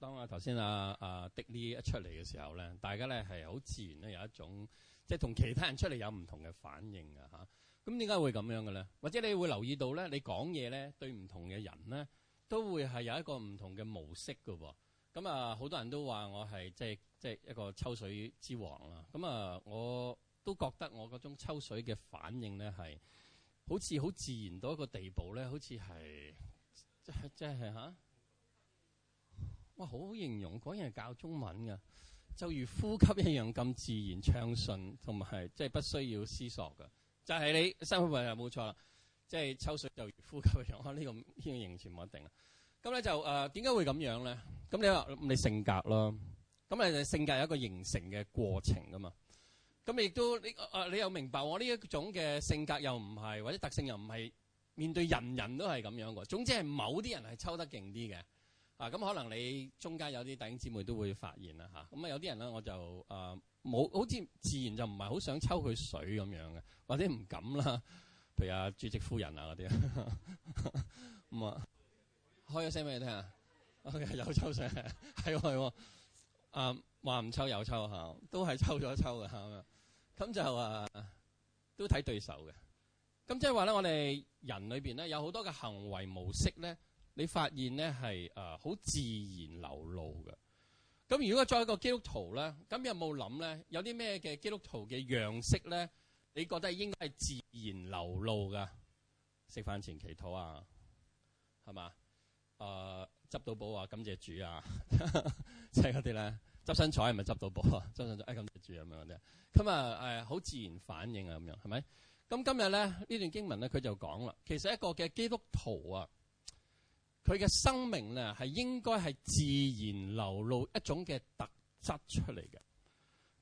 當啊頭先啊啊阿迪呢一出嚟嘅時候咧，大家咧係好自然咧有一種，即係同其他人出嚟有唔同嘅反應嘅吓，咁點解會咁樣嘅咧？或者你會留意到咧，你講嘢咧對唔同嘅人咧，都會係有一個唔同嘅模式嘅喎。咁啊，好多人都話我係即係即係一個抽水之王啦。咁啊，我都覺得我嗰種抽水嘅反應咧係好似好自然到一個地步咧，好似係即係即係嚇。即係啊我好，好形容，嗰人係教中文噶，就如呼吸一樣咁自然暢順，同埋即係不需要思索噶。就係、是、你生活話冇錯啦，即、就、係、是、抽水就如呼吸一樣。呢、這個呢個形容唔一定啦。咁咧就點解、呃、會咁樣咧？咁你話你性格囉。咁你性格有一個形成嘅過程噶嘛。咁亦都你你又、呃、明白我呢一種嘅性格又唔係或者特性又唔係面對人人都係咁樣嘅。總之係某啲人係抽得勁啲嘅。啊，咁可能你中間有啲弟兄姊妹都會發現啦，咁啊有啲人咧，我就誒冇、啊，好似自然就唔係好想抽佢水咁樣嘅，或者唔敢啦。譬如啊，主席夫人啊嗰啲，咁啊，啊開咗聲俾你聽、嗯 okay, 嗯、 啊，有抽水啊，係喎係喎，啊話唔抽有抽嚇，都係抽咗一抽嘅，咁咁就啊都睇對手嘅。咁即係話咧，我哋人裏面咧有好多嘅行為模式咧。你發現咧係誒好自然流露嘅。咁如果再一個基督徒咧，咁有冇諗咧？有啲咩嘅基督徒嘅樣式咧？你覺得應該係自然流露㗎？食飯前祈禱啊，係嘛？誒、呃、執到寶啊，感謝主啊，即係嗰啲咧執新彩係咪執到寶啊？執新彩、哎、感謝主咁樣啲咁啊好自然反應啊咁樣係咪？咁今日咧呢段經文咧佢就講啦，其實一個嘅基督徒啊。佢嘅生命咧，係應該係自然流露一種嘅特質出嚟嘅。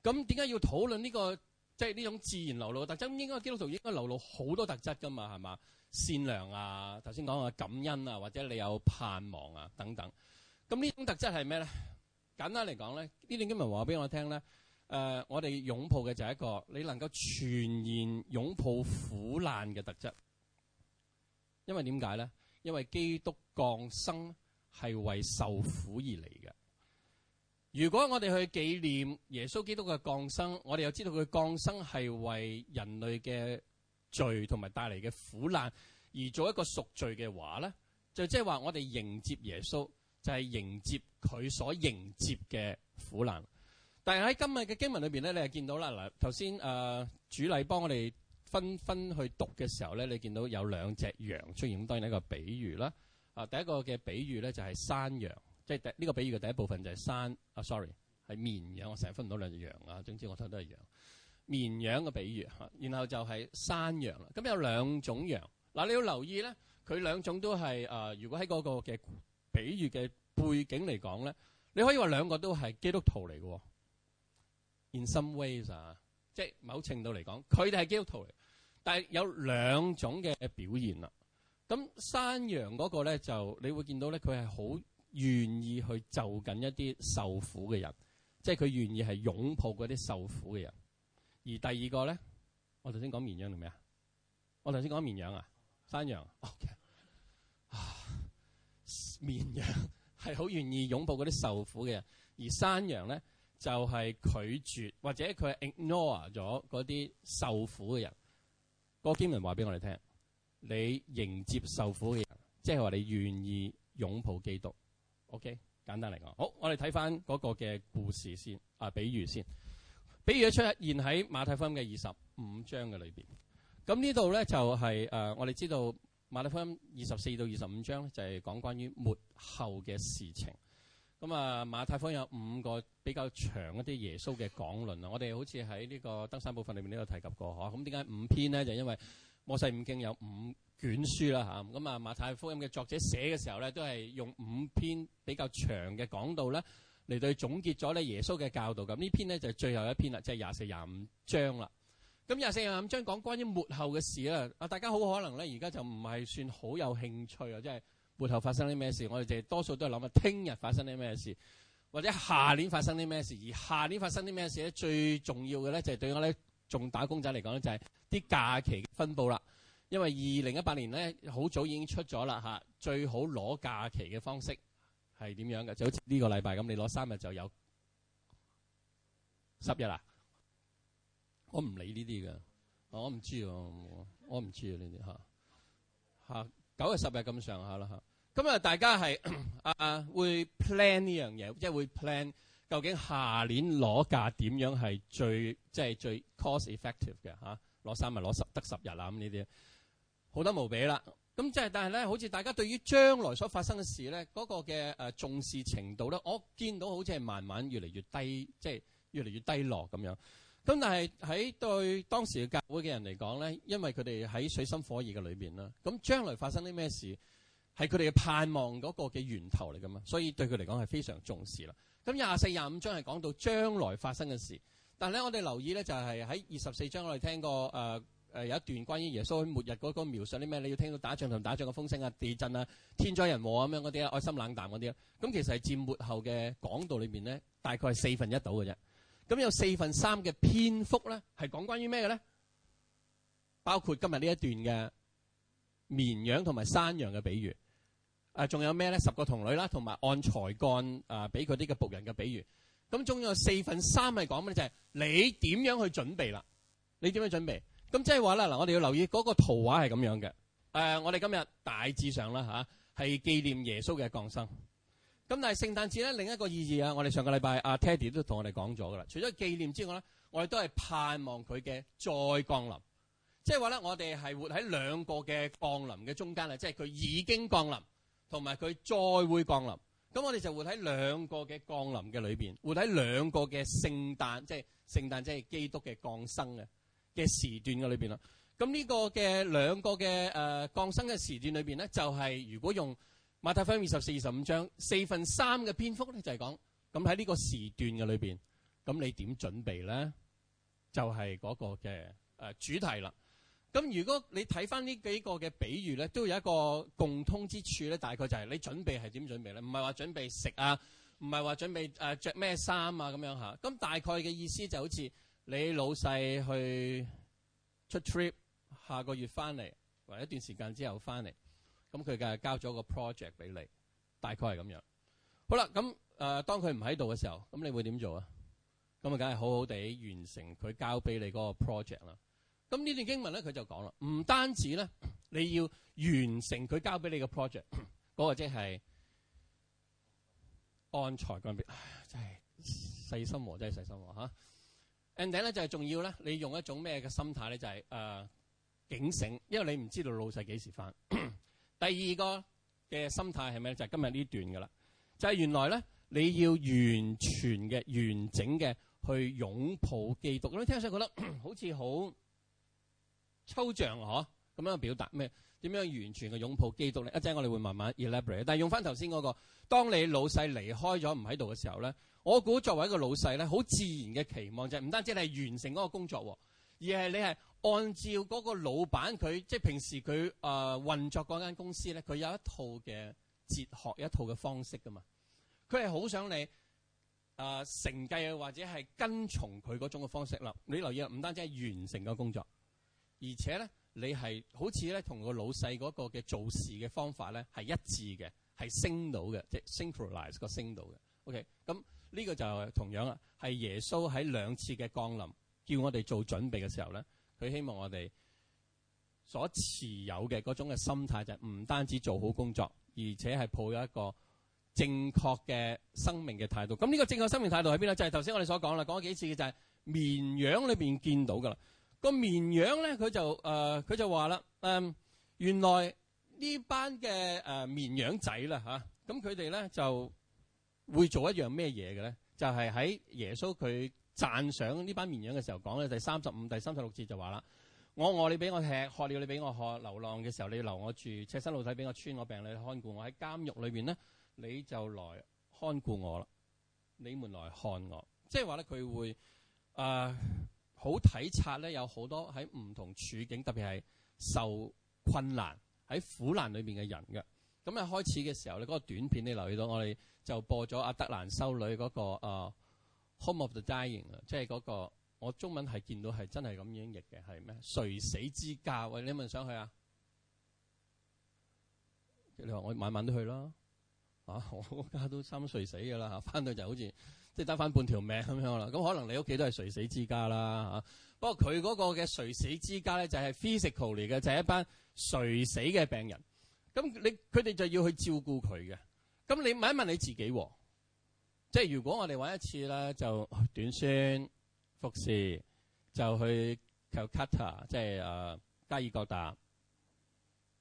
咁點解要討論呢個即係呢種自然流露嘅特質？咁應該基督徒應該流露好多特質㗎嘛，係嘛？善良啊，頭先講啊，感恩啊，或者你有盼望啊，等等。咁呢種特質係咩咧？簡單嚟講咧，呢段經文話俾我聽咧，誒、呃，我哋擁抱嘅就係一個你能夠全然擁抱苦難嘅特質。因為點解咧？因為基督。降生係為受苦而嚟嘅。如果我哋去紀念耶穌基督嘅降生，我哋又知道佢降生係為人類嘅罪同埋帶嚟嘅苦難而做一個贖罪嘅話咧，就即係話我哋迎接耶穌就係、是、迎接佢所迎接嘅苦難。但係喺今日嘅經文裏邊咧，你又見到啦嗱，頭先誒主禮幫我哋紛紛去讀嘅時候咧，你見到有兩隻羊出現，當然係一個比喻啦。啊，第一個嘅比喻咧就係山羊，即係第呢個比喻嘅第一部分就係山啊，sorry 係綿羊，我成日分唔到兩隻羊啊，總之我睇都係羊綿羊嘅比喻嚇，然後就係山羊啦。咁有兩種羊嗱，你要留意咧，佢兩種都係誒，如果喺嗰個嘅比喻嘅背景嚟講咧，你可以話兩個都係基督徒嚟嘅喎。In some ways 啊，即係某程度嚟講，佢哋係基督徒嚟，但係有兩種嘅表現啦。咁山羊嗰咧就，你會見到咧佢係好願意去就緊一啲受苦嘅人，即係佢願意係擁抱嗰啲受苦嘅人。而第二個咧，我頭先講綿羊定咩啊？我頭先講綿羊啊，山羊、啊。O.K. 啊，綿羊係好願意擁抱嗰啲受苦嘅人，而山羊咧就係、是、拒絕或者佢係 ignore 咗嗰啲受苦嘅人。嗰個經文話俾我哋聽。你迎接受苦嘅人，即係話你願意擁抱基督。OK，簡單嚟講，好，我哋睇翻嗰個嘅故事先，啊，比喻先。比喻咧出現喺馬太福音嘅二十五章嘅裏邊。咁呢度咧就係誒，我哋知道馬太福音二十四到二十五章就係講關於末後嘅事情。咁啊，馬太福音有五個比較長一啲耶穌嘅講論啊。我哋好似喺呢個登山部分裏面都有提及過嗬。咁點解五篇呢？就因為。《摩西五經》有五卷書啦，嚇咁啊，《馬太福音》嘅作者寫嘅時候咧，都係用五篇比較長嘅講道咧嚟對佢總結咗咧耶穌嘅教導咁。呢篇咧就係最後一篇啦，即係廿四廿五章啦。咁廿四廿五章講關於末後嘅事啦。啊，大家好可能咧，而家就唔係算好有興趣啊，即係末後發生啲咩事？我哋就多數都係諗下聽日發生啲咩事，或者下年發生啲咩事？而下年發生啲咩事咧？最重要嘅咧，就係對於我哋仲打工仔嚟講咧，就係。啲假期嘅分布啦，因為二零一八年咧好早已經出咗啦吓，最好攞假期嘅方式係點樣嘅？就好似呢個禮拜咁，你攞三日就有十日啊。我唔理呢啲嘅，我唔知我唔知呢啲吓，九日十日咁上下啦吓，咁啊，大家係啊會 plan 呢樣嘢，即係會 plan 究竟下年攞假點樣係最即係、就是、最 cost effective 嘅吓。攞三日、攞十得十日啦，咁呢啲好多無比啦。咁即係，但係咧，好似大家對於將來所發生嘅事咧，嗰個嘅誒重視程度咧，我見到好似係慢慢越嚟越低，即係越嚟越低落咁樣。咁但係喺對當時嘅教會嘅人嚟講咧，因為佢哋喺水深火熱嘅裏邊啦，咁將來發生啲咩事係佢哋嘅盼望嗰個嘅源頭嚟噶嘛，所以對佢嚟講係非常重視啦。咁廿四廿五章係講到將來發生嘅事。但係咧，我哋留意咧，就係喺二十四章，我哋聽過有一段關於耶穌喺末日嗰個描述啲咩？你要聽到打仗同打仗嘅風聲啊、地震啊、天災人禍啊、咁樣嗰啲啊、愛心冷淡嗰啲啊。咁其實係佔末後嘅講道裏面咧，大概係四分一到嘅啫。咁有四分三嘅篇幅咧，係講關於咩嘅咧？包括今日呢一段嘅綿羊同埋山羊嘅比喻。仲有咩咧？十個童女啦，同埋按才幹啊，俾佢啲嘅僕人嘅比喻。咁仲有四分三係講乜咧？就係你點樣去準備啦？你點樣準備？咁即係話啦，嗱，我哋要留意嗰個圖畫係咁樣嘅。誒，我哋今日大致上啦嚇，係紀念耶穌嘅降生。咁但係聖誕節咧，另一個意義啊，我哋上個禮拜阿 Teddy 都同我哋講咗噶啦。除咗紀念之外咧，我哋都係盼望佢嘅再降臨。即係話咧，我哋係活喺兩個嘅降臨嘅中間啦，即係佢已經降臨，同埋佢再會降臨，咁我哋就會喺兩個嘅降臨嘅裏邊，會喺兩個嘅聖誕，即係聖誕，即係基督嘅降生嘅嘅時段嘅裏邊啦。咁呢個嘅兩個嘅誒降生嘅時段裏邊咧，就係如果用馬太福音二十四、二十五章四分三嘅篇幅咧，就係講咁喺呢個時段嘅裏邊，咁你點準備咧？就係嗰個嘅誒主題啦。咁如果你睇翻呢幾個嘅比喻咧，都有一個共通之處咧，大概就係你準備係點準備咧？唔係話準備食啊，唔係話準備誒着咩衫啊咁樣嚇。咁大概嘅意思就好似你老細去出 trip，下個月翻嚟或者一段時間之後翻嚟，咁佢嘅交咗個 project 俾你，大概係咁樣。好啦，咁誒當佢唔喺度嘅時候，咁你會點做啊？咁啊，梗係好好地完成佢交俾你嗰個 project 啦。咁呢段經文咧，佢就講啦，唔單止咧，你要完成佢交俾你嘅 project 嗰個、就是，即係按才幹真係細心喎，真係細心喎 and then 咧就係、是、仲要咧，你用一種咩嘅心態咧？就係、是、誒、呃、警醒，因為你唔知道老細幾時翻。 第二個嘅心態係咩？就係今日呢段噶啦，就係、是就是、原來咧，你要完全嘅完整嘅去擁抱基督咁。你聽上身覺得好似好～抽象嗬咁樣嘅表達咩？點樣完全嘅擁抱基督咧？一陣我哋會慢慢 elaborate。但係用翻頭先嗰個，當你老細離開咗唔喺度嘅時候咧，我估作為一個老細咧，好自然嘅期望就係、是、唔單止係完成嗰個工作喎，而係你係按照嗰個老闆佢即係平時佢誒運作嗰間公司咧，佢有一套嘅哲學，一套嘅方式噶嘛。佢係好想你誒承繼或者係跟從佢嗰種嘅方式啦。你留意啊，唔單止係完成個工作。而且咧，你係好似咧同個老細嗰個嘅做事嘅方法咧係一致嘅，係升到嘅，即係 synchronize 個升到嘅。OK，咁呢個就同樣啦，係耶穌喺兩次嘅降臨叫我哋做準備嘅時候咧，佢希望我哋所持有嘅嗰種嘅心態就係、是、唔單止做好工作，而且係抱有一個正確嘅生命嘅態度。咁呢個正確生命態度喺邊咧？就係頭先我哋所講啦，講咗幾次嘅就係、是、綿羊裏面見到噶啦。個綿羊咧，佢就誒，佢、呃、就話啦，誒、嗯，原來呢班嘅誒、呃、綿羊仔啦嚇，咁佢哋咧就會做一樣咩嘢嘅咧？就係、是、喺耶穌佢讚賞呢班綿羊嘅時候講咧，第三十五、第三十六節就話啦，我餓你俾我吃，渴了你俾我喝，流浪嘅時候你留我住，赤身露體俾我穿，我病你看顧我，喺監獄裏邊咧你就來看顧我啦。你們來看我，即係話咧佢會誒。呃好體察咧，有好多喺唔同處境，特別係受困難喺苦難裏面嘅人嘅。咁啊，開始嘅時候咧，嗰個短片你留意到，我哋就播咗阿德蘭修女嗰個 uh, Home of the Dying 即係嗰個我中文係見到係真係咁樣譯嘅，係咩？垂死之家，喂，你有冇想去啊？你話我晚晚都去咯，啊，我家都心碎死㗎啦返翻到就好似～即係得翻半條命咁樣啦，咁可能你屋企都係垂死之家啦吓。不過佢嗰個嘅垂死之家咧就係 physical 嚟嘅，就係一班垂死嘅病人。咁你佢哋就要去照顧佢嘅。咁你問一問你自己，即係如果我哋玩一次咧，就短宣服侍，就去 Calcutta，即係加爾各答，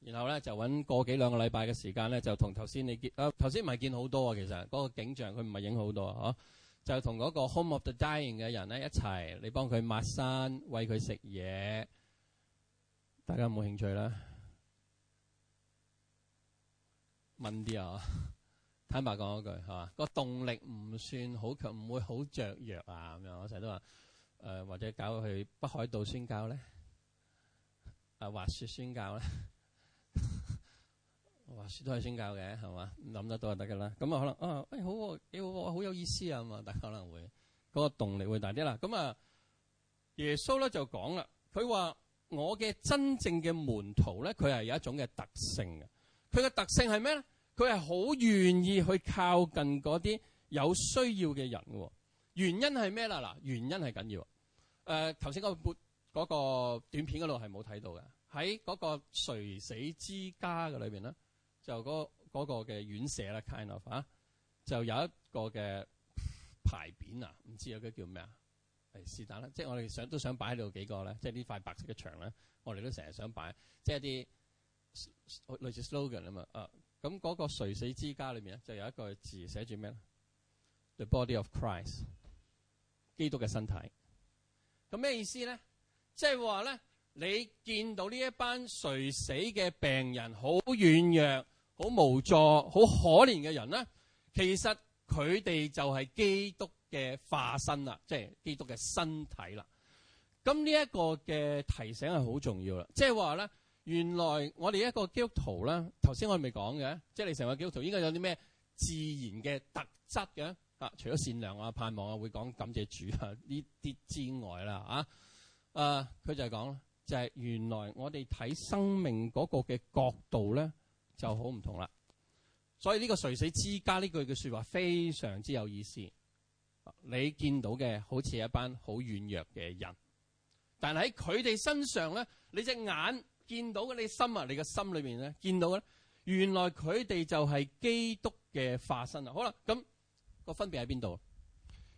然後咧就揾過幾兩個禮拜嘅時間咧，就同頭先你見啊，頭先唔係見好多啊，其實嗰個景象佢唔係影好多啊。就同嗰個 Home of the Dying 嘅人咧一齊，你幫佢抹身、餵佢食嘢，大家有冇興趣啦？問啲啊，坦白講一句吓嘛，個動力唔算好強，唔會好雀躍啊咁樣。我成日都話，誒、呃、或者搞去北海道宣教咧，啊、滑雪宣教咧。話說都係宣教嘅，係嘛，諗得多就得噶啦。咁啊可能啊誒、哎、好幾、哎、好，好有意思啊咁啊，大家可能會嗰、那個動力會大啲啦。咁啊，耶穌咧就講啦，佢話我嘅真正嘅門徒咧，佢係有一種嘅特性嘅。佢嘅特性係咩咧？佢係好願意去靠近嗰啲有需要嘅人喎。原因係咩啦？嗱，原因係緊要。誒、呃，頭先、那個播嗰、那個短片嗰度係冇睇到嘅，喺嗰個垂死之家嘅裏邊咧。就嗰、那、嗰個嘅、那個、院舍啦 kind of 啊，就有一個嘅牌匾啊，唔知嗰個叫咩啊？係是但啦，即係我哋想都想擺喺度幾個咧，即係呢塊白色嘅牆咧，我哋都成日想擺，即係一啲類似 slogan 啊嘛。誒、啊，咁、那、嗰個垂死之家裏面咧，就有一個字寫住咩咧？The body of Christ，基督嘅身體。咁咩意思咧？即係話咧，你見到呢一班垂死嘅病人好軟弱。好無助、好可憐嘅人咧，其實佢哋就係基督嘅化身啦，即係基督嘅身體啦。咁呢一個嘅提醒係好重要啦，即係話咧，原來我哋一個基督徒咧，頭先我咪講嘅，即係你成個基督徒應該有啲咩自然嘅特質嘅啊？除咗善良啊、盼望啊，會講感謝主啊呢啲之外啦、啊，啊，佢就係講，就係原來我哋睇生命嗰個嘅角度咧。就好唔同啦，所以呢個垂死之家呢句嘅說話非常之有意思。你見到嘅好似一班好軟弱嘅人，但喺佢哋身上咧，你隻眼見到嘅，你心啊，你嘅心裏面咧見到咧，原來佢哋就係基督嘅化身啊！好啦，咁個分別喺邊度？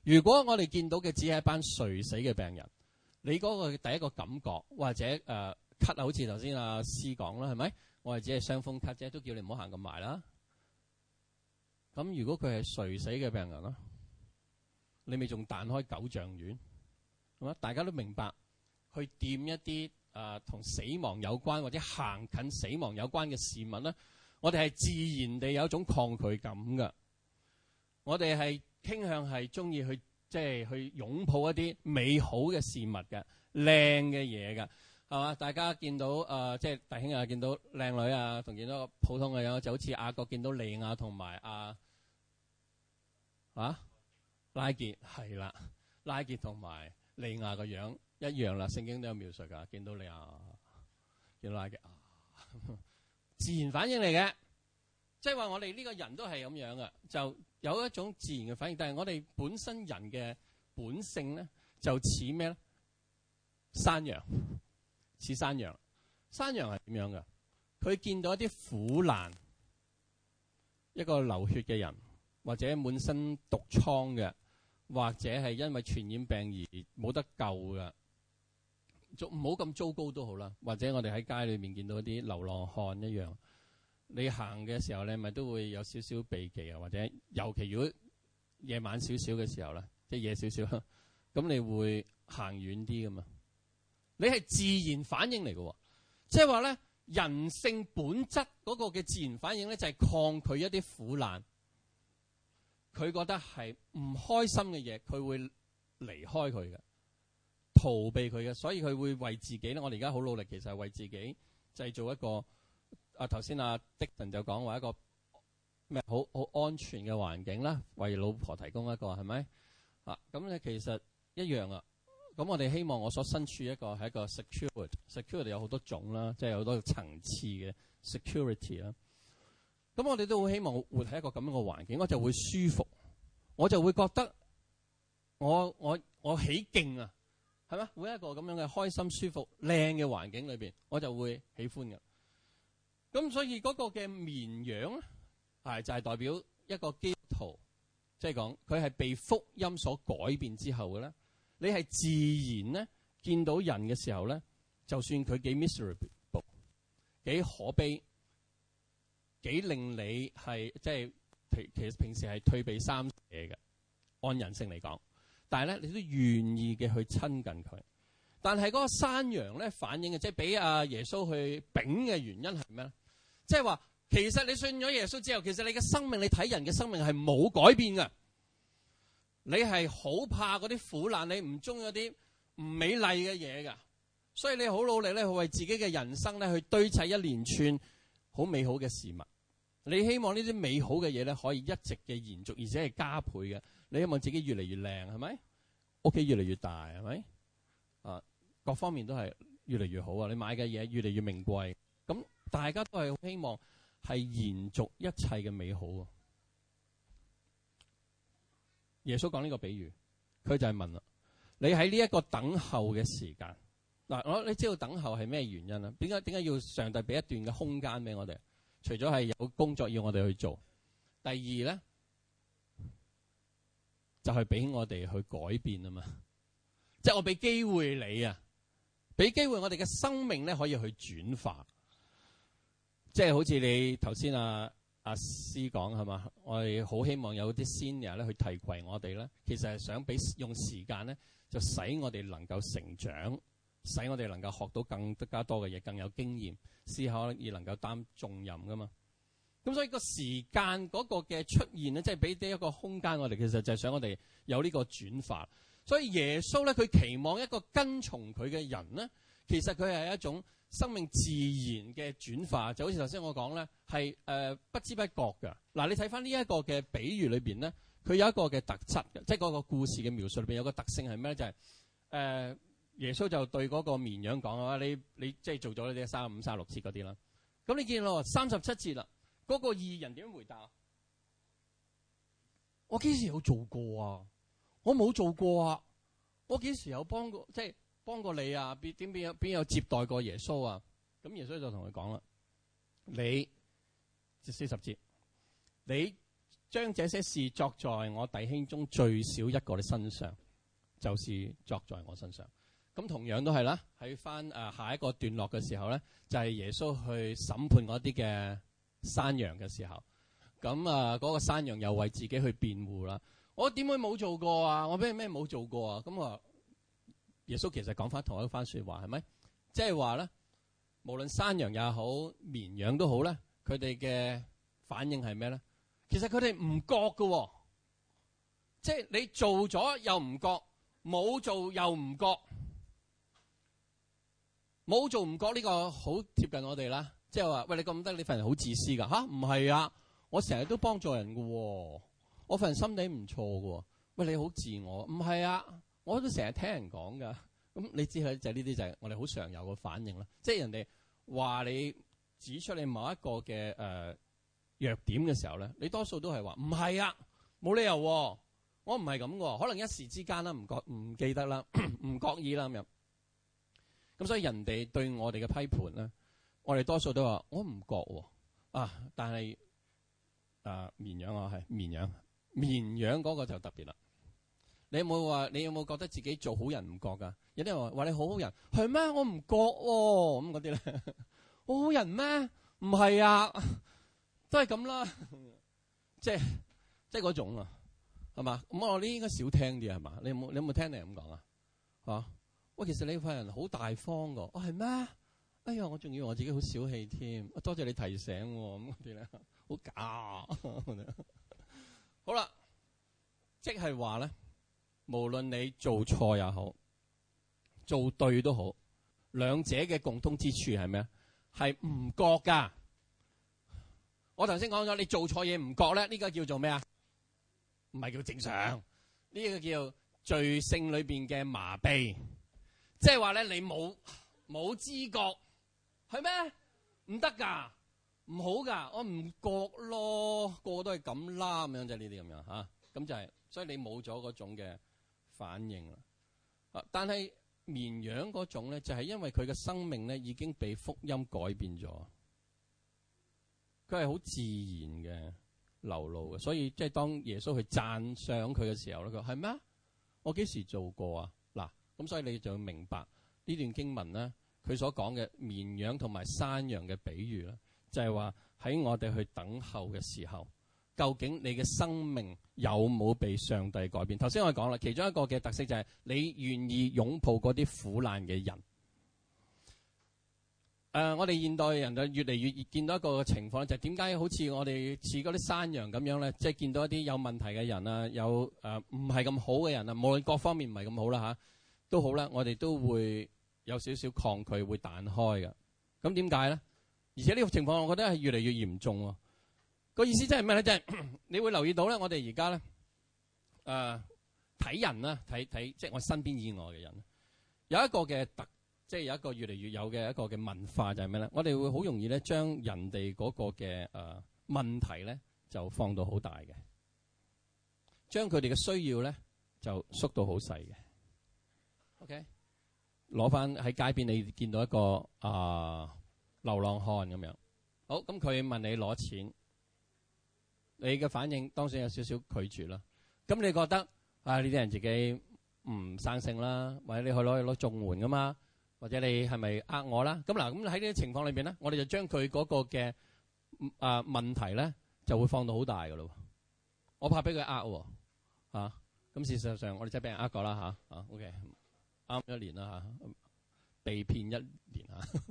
如果我哋見到嘅只係一班垂死嘅病人，你嗰個第一個感覺或者誒、呃、咳啊，好似頭先阿思講啦，係咪？我哋只係傷風咳啫，都叫你唔好行咁埋啦。咁如果佢係垂死嘅病人啦，你咪仲彈開九丈遠，係嘛？大家都明白，去掂一啲誒同死亡有關或者行近死亡有關嘅事物咧。我哋係自然地有一種抗拒感嘅。我哋係傾向係中意去即係、就是、去擁抱一啲美好嘅事物嘅靚嘅嘢嘅。係嘛？大家見到誒、呃，即係大兄啊，見到靚女啊，同見到普通嘅樣子，就好似雅各見到利亞同埋阿啊拉結，係、啊、啦，拉結同埋利亞個樣一樣啦。聖經都有描述噶，見到利亞見到拉結、啊，自然反應嚟嘅。即係話我哋呢個人都係咁樣嘅，就有一種自然嘅反應。但係我哋本身人嘅本性咧，就似咩咧？山羊。似山羊，山羊係點樣噶？佢見到一啲苦難，一個流血嘅人，或者滿身毒瘡嘅，或者係因為傳染病而冇得救嘅，仲唔好咁糟糕都好啦。或者我哋喺街裏面見到一啲流浪漢一樣，你行嘅時候，你咪都會有少少避忌啊？或者尤其如果夜晚少少嘅時候呢，即係夜少少，咁你會行遠啲噶嘛？你係自然反應嚟嘅，即係話咧人性本質嗰個嘅自然反應咧，就係、是、抗拒一啲苦難。佢覺得係唔開心嘅嘢，佢會離開佢嘅，逃避佢嘅，所以佢會為自己咧。我哋而家好努力，其實係為自己製造一個啊。頭先阿迪 i 就講話一個咩好好安全嘅環境啦，為老婆提供一個係咪啊？咁咧其實一樣啊。咁我哋希望我所身處一個係一個 security，security security 有好多種啦，即係好多層次嘅 security 啦。咁我哋都好希望活喺一個咁樣嘅環境，我就會舒服，我就會覺得我我我喜勁啊，係嘛？每一個咁樣嘅開心、舒服、靚嘅環境裏面，我就會喜歡嘅。咁所以嗰個嘅綿羊係就係、是、代表一個基督徒，即係講佢係被福音所改變之後嘅咧。你係自然咧，見到人嘅時候咧，就算佢幾 miserable，幾可悲，幾令你係即係其其實平時係退避三舍嘅，按人性嚟講。但係咧，你都願意嘅去親近佢。但係嗰個山羊咧，反應嘅，即係俾阿耶穌去丙嘅原因係咩咧？即係話其實你信咗耶穌之後，其實你嘅生命，你睇人嘅生命係冇改變嘅。你係好怕嗰啲苦難，你唔中意啲唔美麗嘅嘢㗎，所以你好努力咧，去為自己嘅人生咧，去堆砌一連串好美好嘅事物。你希望呢啲美好嘅嘢咧，可以一直嘅延續，而且係加倍嘅。你希望自己越嚟越靚，係咪？屋企越嚟越大，係咪？啊，各方面都係越嚟越好啊！你買嘅嘢越嚟越名貴，咁大家都係好希望係延續一切嘅美好喎。耶穌講呢個比喻，佢就係問啦：你喺呢一個等候嘅時間，嗱我你知道等候係咩原因啦？點解點解要上帝俾一段嘅空間俾我哋？除咗係有工作要我哋去做，第二咧就係俾我哋去改變啊嘛！即係我俾機會你啊，俾機會我哋嘅生命咧可以去轉化，即係好似你頭先啊。阿師講係嘛？我哋好希望有啲先人咧去提攜我哋咧。其實係想俾用時間咧，就使我哋能夠成長，使我哋能夠學到更加多嘅嘢，更有經驗，思考，可以能夠擔重任噶嘛。咁所以個時間嗰個嘅出現咧，即係俾啲一個空間我哋。其實就係想我哋有呢個轉化。所以耶穌咧，佢期望一個跟從佢嘅人咧。其實佢係一種生命自然嘅轉化，就好似頭先我講咧，係誒、呃、不知不覺嘅。嗱，你睇翻呢一個嘅比喻裏邊咧，佢有一個嘅特質，即係嗰個故事嘅描述裏邊有一個特性係咩咧？就係、是、誒、呃、耶穌就對嗰個綿羊講啊，你你即係、就是、做咗呢啲三五、三六節嗰啲啦。咁你見咯，三十七節啦，嗰個義人點樣回答？我幾時有做過啊？我冇做過啊！我幾時有幫過？即係。幫過你啊？邊點邊有邊有接待過耶穌啊？咁耶穌就同佢講啦：，你四十節，你將這些事作在我弟兄中最少一個嘅身上，就是作在我身上。咁同樣都係啦。喺翻誒下一個段落嘅時候咧，就係耶穌去審判嗰啲嘅山羊嘅時候。咁、就、啊、是，嗰個山羊又為自己去辯護啦：，我點會冇做過啊？我畀咩冇做過啊？咁啊？耶穌其實講翻同一番說話，係咪？即係話咧，無論山羊也好，綿羊都好咧，佢哋嘅反應係咩咧？其實佢哋唔覺噶，即係你做咗又唔覺，冇做又唔覺，冇做唔覺呢個好貼近我哋啦。即係話，喂，你咁得你份人好自私噶吓？唔係啊，我成日都幫助人噶，我份人心底唔錯噶。喂，你好自我，唔係啊。我都成日聽人講噶，咁你知佢就呢啲就係我哋好常有嘅反應啦。即係人哋話你指出你某一個嘅誒弱點嘅時候咧，你多數都係話唔係啊，冇理由、啊，我唔係咁喎，可能一時之間啦，唔覺唔記得啦，唔覺意啦咁樣。咁所以人哋對我哋嘅批判咧，我哋多數都話我唔覺喎、啊，啊，但係啊綿羊啊係綿羊，綿羊嗰個就特別啦。你有冇話？你有冇覺得自己做好人唔覺噶？有啲人話：話你好好人，係咩？我唔覺喎、哦，咁嗰啲咧，好好人咩？唔係啊，都係咁啦，即係即係嗰種啊，係嘛？咁我呢應該少聽啲係嘛？你有冇你有冇聽你咁講啊？吓，喂，其實你份人好大方噶、哦哎，我係咩？哎呀，我仲以為我自己好小氣添，多謝你提醒、哦，咁嗰啲咧好假。好啦，即係話咧。無論你做錯也好，做對都好，兩者嘅共通之處係咩啊？係唔覺噶。我頭先講咗，你做錯嘢唔覺咧，呢個叫做咩啊？唔係叫正常，呢個叫罪性裏邊嘅麻痹，即係話咧你冇冇知覺，係咩？唔得噶，唔好噶，我唔覺咯，個個都係咁啦，咁樣就係，呢啲咁樣吓，咁就係，所以你冇咗嗰種嘅。反應啦，但係綿羊嗰種咧，就係因為佢嘅生命咧已經被福音改變咗，佢係好自然嘅流露嘅，所以即係當耶穌去讚賞佢嘅時候咧，佢話係咩？我幾時做過啊？嗱，咁所以你就要明白呢段經文咧，佢所講嘅綿羊同埋山羊嘅比喻咧，就係話喺我哋去等候嘅時候。究竟你嘅生命有冇被上帝改變？頭先我講啦，其中一個嘅特色就係你願意擁抱嗰啲苦難嘅人。誒、呃，我哋現代人就越嚟越見到一個情況，就係點解好似我哋似嗰啲山羊咁樣咧，即係見到一啲有問題嘅人啊，有誒唔係咁好嘅人啊，無論各方面唔係咁好啦嚇，都好啦，我哋都會有少少抗拒，會彈開嘅。咁點解咧？而且呢個情況，我覺得係越嚟越嚴重喎。個意思即係咩咧？即係你會留意到咧，我哋而家咧誒睇人啦，睇睇即係我身邊以外嘅人，有一個嘅特，即係有一個越嚟越有嘅一個嘅文化就係咩咧？我哋會好容易咧將人哋嗰個嘅誒問題咧就放到好大嘅，將佢哋嘅需要咧就縮到好細嘅。OK，攞翻喺街邊，你見到一個啊流浪漢咁樣好咁，佢問你攞錢。你嘅反應當時有少少拒絕啦。咁你覺得啊，呢啲人自己唔生性啦，或者你去攞去攞綜援噶嘛，或者你係咪呃我啦？咁嗱，咁喺呢啲情況裏邊咧，我哋就將佢嗰個嘅啊問題咧就會放到好大噶咯。我怕俾佢呃喎，嚇。咁事實上我哋真係俾人呃過啦，吓啊，OK，啱一年啦吓，被騙一年嚇。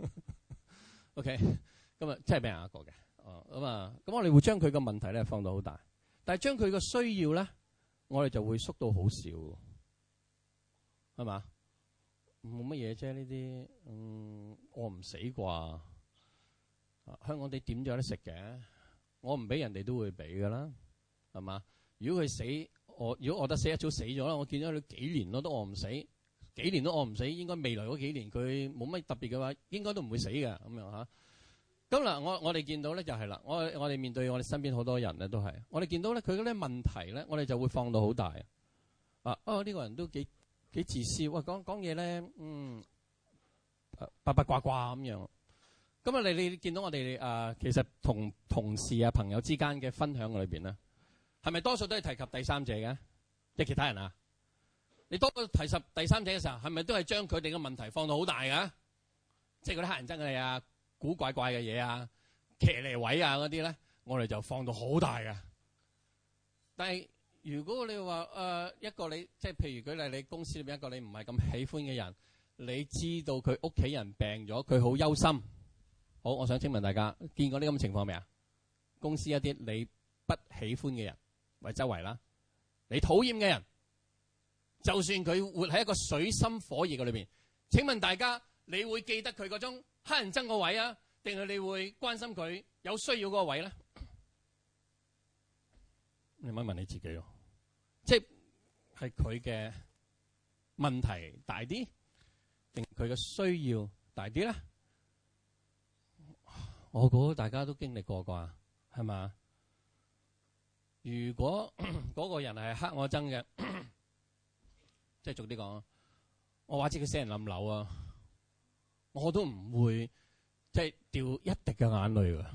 OK，今日真係俾人呃過嘅。哦、嗯，咁啊，咁我哋會將佢個問題咧放到好大，但係將佢個需要咧，我哋就會縮到好少，係嘛？冇乜嘢啫，呢啲，嗯，餓唔死啩？香港地點都有得食嘅，我唔俾人哋都會俾噶啦，係嘛？如果佢死，我如果餓得死一早死咗啦，我見咗佢幾年咯，都餓唔死，幾年都餓唔死，應該未來嗰幾年佢冇乜特別嘅話，應該都唔會死嘅，咁樣吓。咁嗱，我我哋見到咧就係啦，我我哋面對我哋身邊好多人咧都係，我哋見到咧佢嗰啲問題咧，我哋就會放到好大啊！啊，呢、哦這個人都幾幾自私，喂、哎，講講嘢咧，嗯，啊、八八卦卦咁樣。咁啊，你你見到我哋、啊、其實同同事啊、朋友之間嘅分享裏面咧，係咪多數都係提及第三者嘅，即係其他人啊？你多數提及第三者嘅時候，係咪都係將佢哋嘅問題放到好大嘅？即係嗰啲黑人憎你啊！古怪怪嘅嘢啊，騎呢位啊嗰啲咧，我哋就放到好大嘅。但係如果你話誒一個你即係譬如舉例你公司裏邊一個你唔係咁喜歡嘅人，你知道佢屋企人病咗，佢好憂心。好，我想請問大家見過呢咁嘅情況未啊？公司一啲你不喜歡嘅人，喂，周圍啦，你討厭嘅人，就算佢活喺一個水深火熱嘅裏邊，請問大家你會記得佢嗰種？黑人爭個位啊？定係你會關心佢有需要嗰個位咧？你問問你自己咯、啊，即係佢嘅問題大啲，定佢嘅需要大啲咧？我估大家都經歷過啩，係嘛？如果嗰個人係黑我爭嘅，即係俗啲講，我話知佢死人冧樓啊！我都唔會即係、即係、掉一滴嘅眼淚㗎，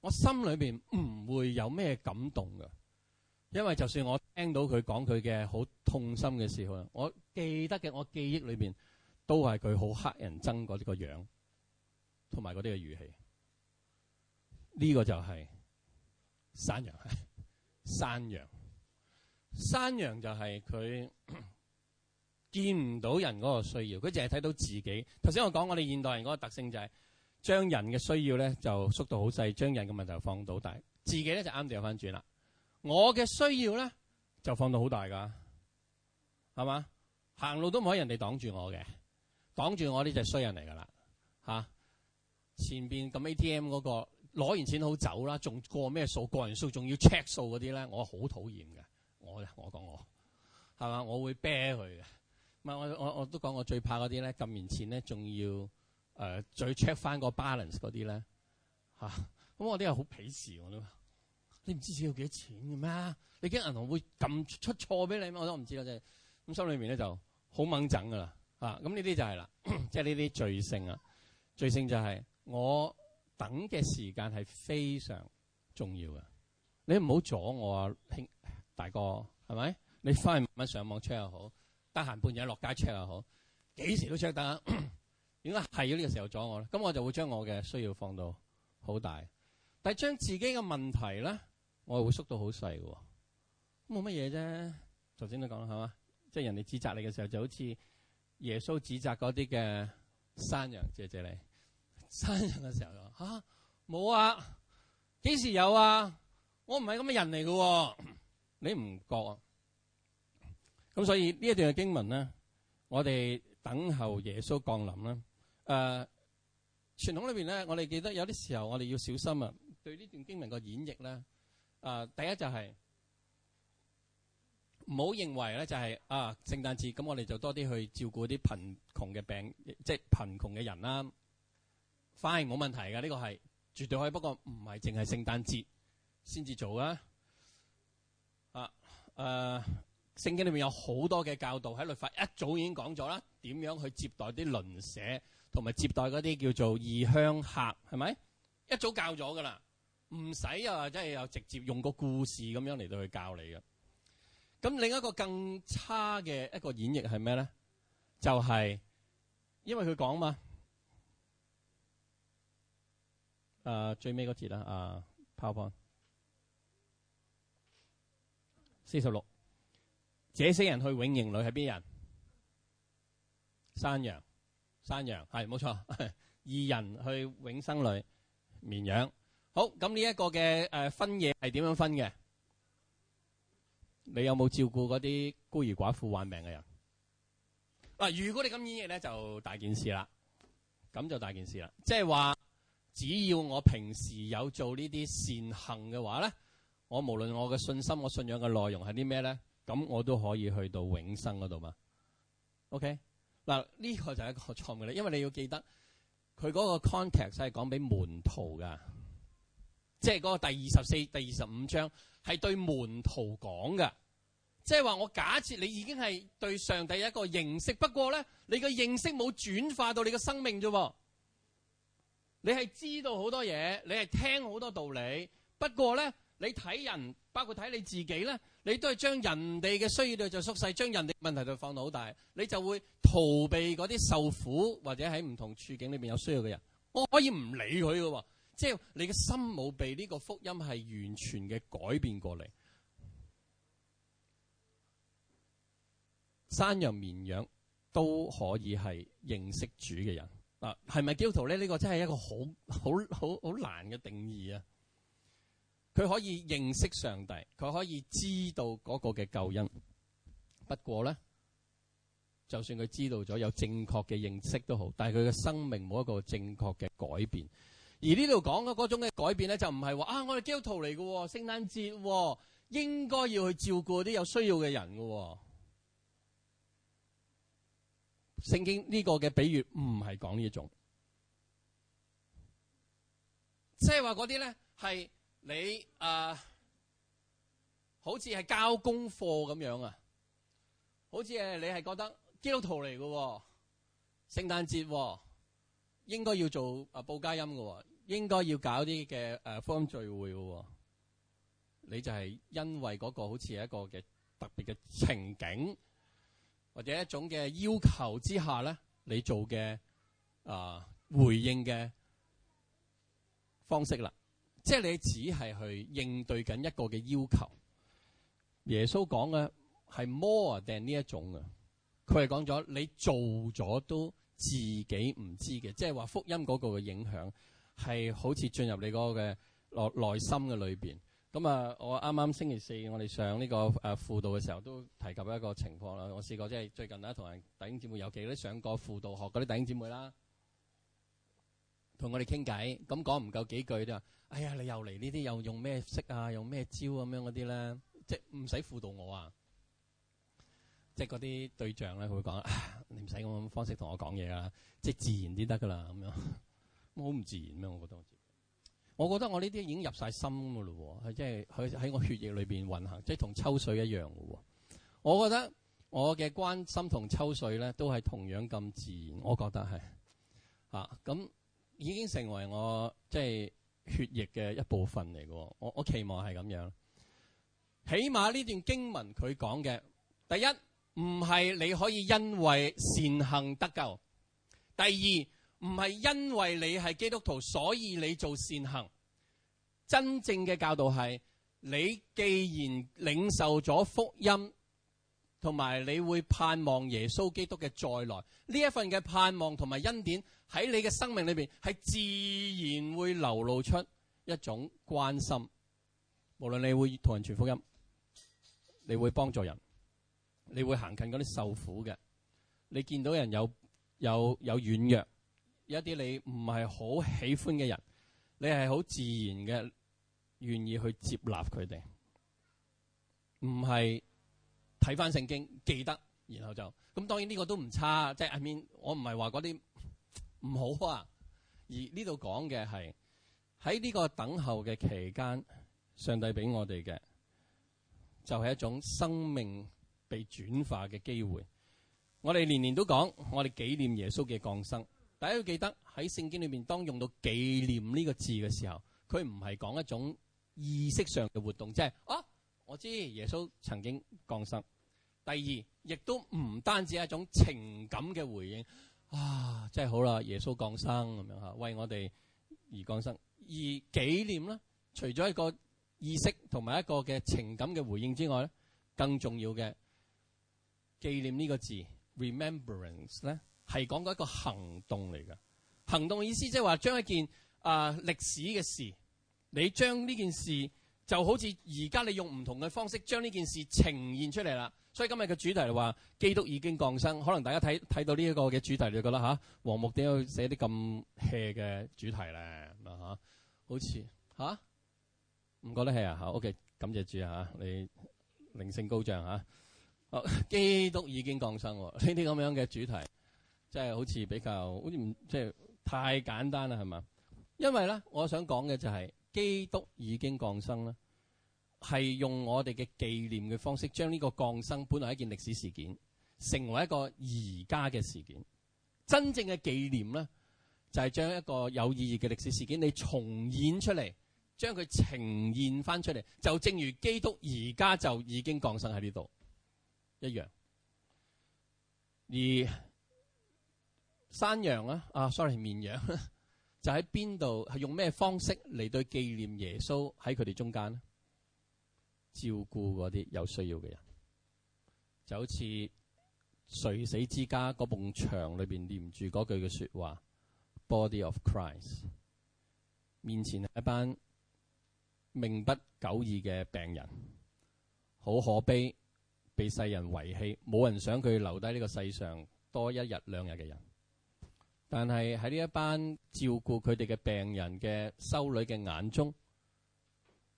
我心裏面唔會有咩感動㗎，因為就算我聽到佢講佢嘅好痛心嘅時候，我記得嘅我記憶裏面都係佢好黑人憎嗰啲個樣，同埋嗰啲嘅語氣。呢、呢個就係山羊，山羊，山羊就係佢。見唔到人嗰個需要，佢淨係睇到自己。頭先我講，我哋現代人嗰個特性就係將人嘅需要咧就縮到好細，將人嘅問題就放到好大。自己咧就啱調翻轉啦。我嘅需要咧就放到好大噶，係嘛？行路都唔可以人哋擋住我嘅，擋住我呢就係衰人嚟㗎啦吓，前面咁 ATM 嗰個攞完錢好走啦，仲過咩數、過完數，仲要 check 數嗰啲咧，我好討厭嘅。我我講我係嘛？我會啤佢嘅。唔係我我我都講我最怕嗰啲咧，撳完錢咧仲要誒再 check 翻個 balance 嗰啲咧嚇，咁、啊、我啲係好鄙視我啲，你唔知要幾多少錢嘅咩？你驚銀行會撳出錯俾你咩？我都唔知啦、就係、心裡面很猛啊，這些就係咁心裏面咧就好掹陣噶啦嚇，咁呢啲就係啦，即係呢啲罪性啊，罪性就係我等嘅時間係非常重要嘅，你唔好阻我啊，兄大哥係咪？你翻去上網 check 又好，得閒半夜落街 check 啊，可幾時都 check 得。點解係要呢個時候阻我咧？咁我就會將我嘅需要放到好大，但係將自己嘅問題咧，我係會縮到好細嘅。冇乜嘢啫。頭先都講啦，係嘛？即係人哋指責你嘅時候，就好似耶穌指責嗰啲嘅山羊，謝謝你山羊嘅時候，嚇冇啊？幾時有啊？我唔係咁嘅人嚟㗎喎，你唔覺啊？咁所以呢一段嘅經文咧，我哋等候耶穌降臨啦。誒、呃，傳統裏邊咧，我哋記得有啲時候我哋要小心啊，對呢段經文個演繹咧。誒、呃，第一就係唔好認為咧就係、係、啊聖誕節咁，我哋就多啲去照顧啲貧窮嘅病，即係貧窮嘅人啦。反而冇問題嘅，呢、呢個係絕對可以，不過唔係淨係聖誕節先至做啦。啊，誒、呃。聖經裏面有好多嘅教導，喺律法一早已經講咗啦，點樣去接待啲鄰舍，同埋接待嗰啲叫做異鄉客，係咪？一早教咗噶啦，唔使啊，即係又直接用個故事咁樣嚟到去教你嘅。咁另一個更差嘅一個演繹係咩咧？就係、是、因為佢講嘛，誒、呃、最尾嗰節啦，誒，PowerPoint 四十六。這些人去永刑裏係邊人？山羊，山羊係冇錯。錯 義人去永生裏，綿羊。好，咁呢一個嘅、呃、分野係點樣分嘅？你有冇照顧嗰啲孤兒寡婦、患病嘅人？嗱、啊，如果你咁演繹嘅咧，就大件事啦。咁就大件事啦，即係話，只要我平時有做呢啲善行嘅話咧，我無論我嘅信心、我信仰嘅內容係啲咩咧？咁我都可以去到永生嗰度嘛？OK，嗱呢個就係一個錯誤啦，因為你要記得佢嗰個 context 係講俾門徒噶，即係嗰個第二十四、第二十五章係對門徒講㗎，即係話我假設你已經係對上帝一個認識，不過咧你嘅認識冇轉化到你嘅生命啫，你係知道好多嘢，你係聽好多道理，不過咧你睇人，包括睇你自己咧。.你都係將人哋嘅需要度就縮細，將人哋問題就放到好大，你就會逃避嗰啲受苦或者喺唔同處境裏面，有需要嘅人，我可以唔理佢喎，即係你嘅心冇被呢個福音係完全嘅改變過嚟。山羊綿羊都可以係認識主嘅人，啊，係咪基督徒咧？呢個真係一個好好好好難嘅定義啊！佢可以認識上帝，佢可以知道嗰個嘅救恩。不過咧，就算佢知道咗有正確嘅認識都好，但係佢嘅生命冇一個正確嘅改變。而呢度講嘅嗰種嘅改變咧，就唔係話啊，我哋基督徒嚟嘅聖誕節應該要去照顧啲有需要嘅人喎。哦、聖經呢個嘅比喻唔係講呢一種，即係話嗰啲咧係。你啊，好似係交功課咁樣啊？好似你係覺得基督徒嚟嘅聖誕節應該要做啊報佳音嘅、哦，應該要搞啲嘅誒福音聚會嘅、哦，你就係因為嗰個好似係一個嘅特別嘅情景或者一種嘅要求之下咧，你做嘅啊回應嘅方式啦。即係你只係去應對緊一個嘅要求，耶穌講嘅係 more than 定呢一種啊，佢係講咗你做咗都自己唔知嘅，即係話福音嗰個嘅影響係好似進入你嗰個嘅內內心嘅裏邊。咁啊，我啱啱星期四我哋上呢個誒輔導嘅時候都提及一個情況啦。我試過即係最近咧，同人弟兄姊妹有幾多上過輔導學嗰啲弟兄姊妹啦。同我哋傾偈咁講唔夠幾句，都話：哎呀，你又嚟呢啲，又用咩色啊，用咩招咁樣嗰啲咧？即係唔使輔導我啊！即係嗰啲對象咧，佢會講：你唔使咁樣方式同我講嘢啊！即係自然啲得噶啦，咁樣好唔自然咩？我覺得，我覺得我呢啲已經入晒心噶咯喎，即係佢喺我血液裏面運行，即係同抽水一樣噶喎。我覺得我嘅關心同抽水咧，都係同樣咁自然，我覺得係啊咁。已經成為我即係血液嘅一部分嚟嘅，我我期望係咁樣。起碼呢段經文佢講嘅，第一唔係你可以因為善行得救，第二唔係因為你係基督徒所以你做善行。真正嘅教導係，你既然領受咗福音。同埋，你會盼望耶穌基督嘅再來，呢一份嘅盼望同埋恩典喺你嘅生命裏邊，係自然會流露出一種關心。無論你會同人傳福音，你會幫助人，你會行近嗰啲受苦嘅，你見到人有有有軟弱，有一啲你唔係好喜歡嘅人，你係好自然嘅願意去接納佢哋，唔係。睇翻聖經，記得，然後就咁。當然呢個都唔差，即係 I mean，我唔係話嗰啲唔好啊。而呢度講嘅係喺呢個等候嘅期間，上帝俾我哋嘅就係一種生命被轉化嘅機會。我哋年年都講，我哋紀念耶穌嘅降生。大家要記得喺聖經裏面當用到紀念呢個字嘅時候，佢唔係講一種意識上嘅活動，即係哦。我知道耶穌曾經降生。第二，亦都唔單止係一種情感嘅回應啊，真係好啦，耶穌降生咁樣吓，為我哋而降生。而紀念啦，除咗一個意識同埋一個嘅情感嘅回應之外咧，更重要嘅紀念呢個字 （remembrance） 咧，係講過一個行動嚟㗎。行動嘅意思即係話將一件啊、呃、歷史嘅事，你將呢件事。就好似而家你用唔同嘅方式將呢件事呈現出嚟啦，所以今日嘅主題話基督已經降生，可能大家睇睇到呢一個嘅主題你就覺得：啊「啦嚇，黃牧點解會寫啲咁 hea 嘅主題咧，好似吓唔覺得 hea 啊？嚇，OK，感謝主啊你靈性高漲嚇。哦、啊，基督已經降生呢啲咁樣嘅主題，即係好似比較好似唔即係太簡單啦，係嘛？因為咧，我想講嘅就係、是。基督已經降生啦，係用我哋嘅紀念嘅方式，將呢個降生本來一件歷史事件，成為一個而家嘅事件。真正嘅紀念咧，就係將一個有意義嘅歷史事件，你重演出嚟，將佢呈現翻出嚟，就正如基督而家就已經降生喺呢度一樣。而山羊啊，啊，sorry，綿羊。就喺邊度？係用咩方式嚟對紀念耶穌喺佢哋中間呢？照顧嗰啲有需要嘅人，就好似垂死之家嗰埲牆裏邊念住嗰句嘅說話，Body of Christ。面前係一班命不久矣嘅病人，好可悲，被世人遺棄，冇人想佢留低呢個世上多一日兩日嘅人。但係喺呢一班照顧佢哋嘅病人嘅修女嘅眼中，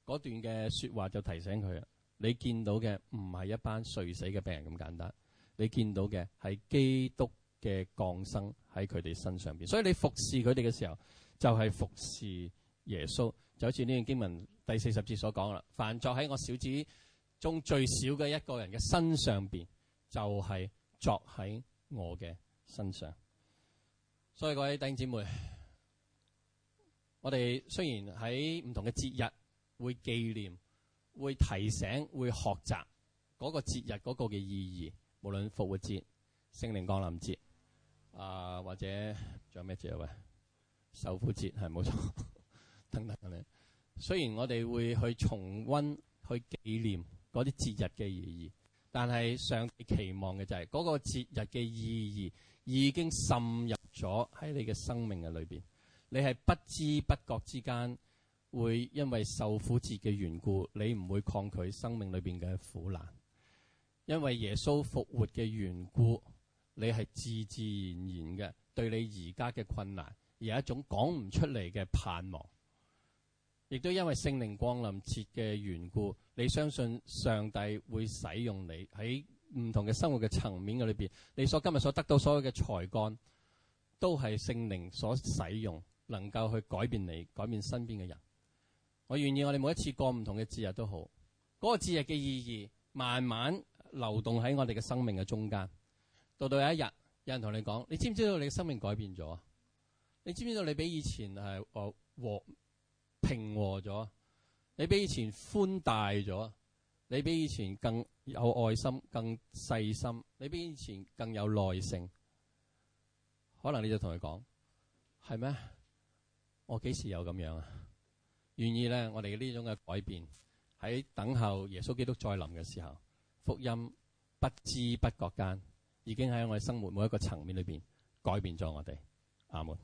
嗰段嘅說話就提醒佢，你見到嘅唔係一班垂死嘅病人咁簡單，你見到嘅係基督嘅降生喺佢哋身上邊。所以你服侍佢哋嘅時候，就係、是、服侍耶穌。就好似呢段經文第四十節所講啦，凡作喺我小子中最小嘅一個人嘅身上邊，就係作喺我嘅身上。就是所以各位弟兄姊妹，我哋雖然喺唔同嘅節日會紀念、會提醒、會學習嗰、嗰個節日嗰個嘅意義，無論復活節、聖靈降臨節啊，或者仲有咩節日喂？受苦節係冇錯，等等嘅。雖然我哋會去重溫、去紀念嗰啲節日嘅意義，但係上帝期望嘅就係、是、嗰、嗰個節日嘅意義。已經滲入咗喺你嘅生命嘅裏邊，你係不知不覺之間會因為受苦節嘅緣故，你唔會抗拒生命裏邊嘅苦難，因為耶穌復活嘅緣故，你係自自然然嘅對你而家嘅困難而有一種講唔出嚟嘅盼望，亦都因為聖靈降臨節嘅緣故，你相信上帝會使用你喺。唔同嘅生活嘅層面嘅裏邊，你所今日所得到所有嘅才幹，都係聖靈所使用，能夠去改變你，改變身邊嘅人。我願意我哋每一次過唔同嘅節日都好，嗰、那個節日嘅意義慢慢流動喺我哋嘅生命嘅中間。到到有一日，有人同你講：你知唔知道你嘅生命改變咗啊？你知唔知道你比以前係誒和平和咗？你比以前寬大咗？你比以前更有愛心、更細心，你比以前更有耐性，可能你就同佢講，係咩？我幾時有咁樣啊？願意咧，我哋呢種嘅改變喺等候耶穌基督再臨嘅時候，福音不知不覺間已經喺我哋生活每一個層面裏邊改變咗我哋。阿門。